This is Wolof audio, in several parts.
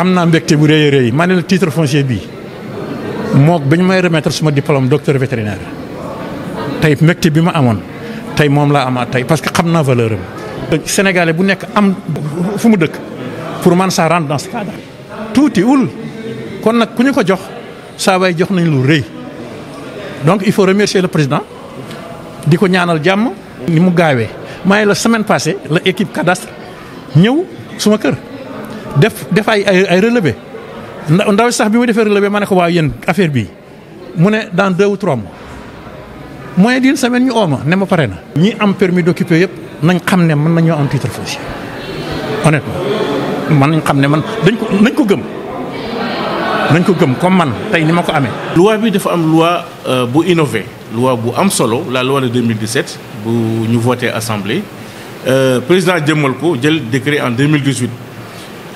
amna mbekté bu reey reey mané le titre foncier bi mok bañ may remettre suma diplôme docteur vétérinaire tay mbekté bima amone tay mom la laa tay parce que xamna valeurum valeur Sénégalais bu nek am fumu mu dëkk pour man ça rentre dans ce cadre. touti wul kon nak kuñu ko jox sa way jox nañ lu reey donc il faut remercier le président di ñaanal jamm ni mu gaawé maa la semaine passée la équipe cadastre ñew suma kër. def def ay ay relevé ndaw sax bi relevé dans deux ou trois mois d'une semaine ñu ne ma na. ñi am permis d'occuper yépp nañ xam ne mën titre foncier honnêtement man man dañ ko loi bi euh, solo la loi de 2017 bu ñu assemblée euh, président jëmmal ko jël décret en 2018.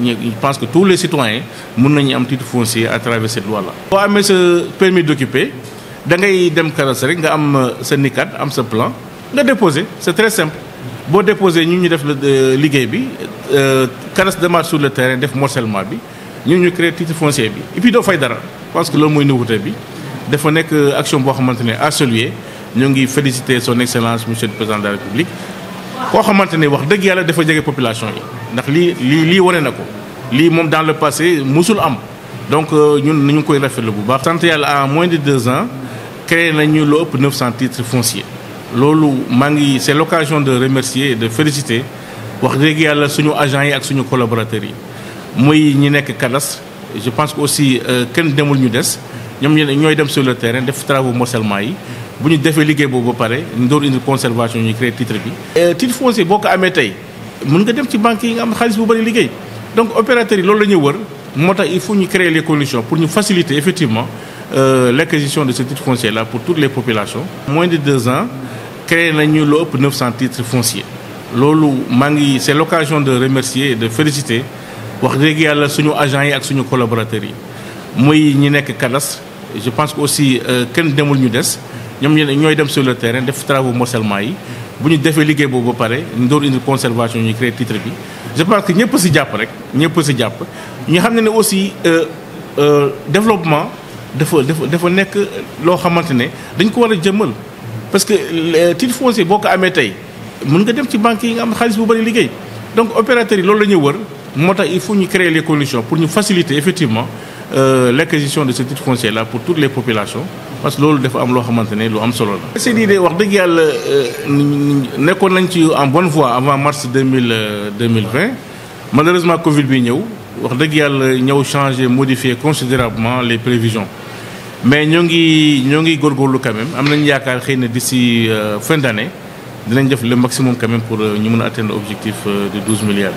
je pense que tous les citoyens peuvent un am titre foncier à travers cette loi là. Pour avoir ce permis d'occuper il ngay dem karas rek nga am euh, sa nikat am plan de déposer c'est très simple Pour déposer nous devons def euh, ligue, bi euh, de démarre sur le terrain le morcellement nous ñu ñu créer titre foncier et puis il faire fay je pense que l'homme est nouveauté Il faut que action soit maintenue à saluer Nous ngi féliciter son excellence monsieur le président de la république que xamante wax population yi ndax li li li dans le passé musul am donc euh, ñun ñu bu baax. moins de deux ans créé nañu 900 titres fonciers c'est l'occasion de remercier et de féliciter wax agents yi ak collaborateurs yi moy ñi nek je pense aussi euh, demul des sur le terrain def travaux bu ñu defee liggéey boobu ba pare ñu door indi conservation ñu créé titre bi. titre foncier boo ko amee tey mën nga dem ci banque yi nga am xaalis bu bëri liggéey donc opérateurs yi loolu la ñu wër moo il faut ñu créer les conditions pour ñu faciliter effectivement euh, l'acquisition de ces titres fonciers là pour toutes les populations. moins de deux ans créé nañu lu ëpp 900 titres fonciers loolu maa ngi c'est l'occasion de remercier et de féliciter wax dëgg yàlla suñu agents yi ak suñu collaborateurs yi muy ñi nekk je pense que aussi euh, kenn demul ñu des ñoom ñooy dem sur le terrain def travaux morcellement yi bu ñu defee liggéey boobu ba pare ñu door indi conservation ñu créé titre bi je pense que ñëpp si jàpp rek ñëpp si jàpp ñu xam ne ne aussi euh, euh, développement dafa dafa dafa nekk loo xamante ne dañ ko war a jëmmal parce que euh, titre foncier boo ko amee tey mën nga dem ci banque yi nga am xaalis bu bëri liggéey donc opérateurs yi loolu la ñu wër moo tax il faut ñu créer les conditions pour ñu faciliter effectivement euh, l'acquisition de ce titre foncier là pour toutes les populations parce que loolu dafa am le xamante cest lu am solo wax euh, en bonne voie avant mars 2020. Malheureusement, la malheureusement Covid bi a wax et changé modifié considérablement les prévisions mais nous ngi ñoo ngi quand même am nañ yaakaar xeyna d'ici euh, fin d'année dinañ def le maximum quand même pour ñu atteindre l'objectif de 12 milliards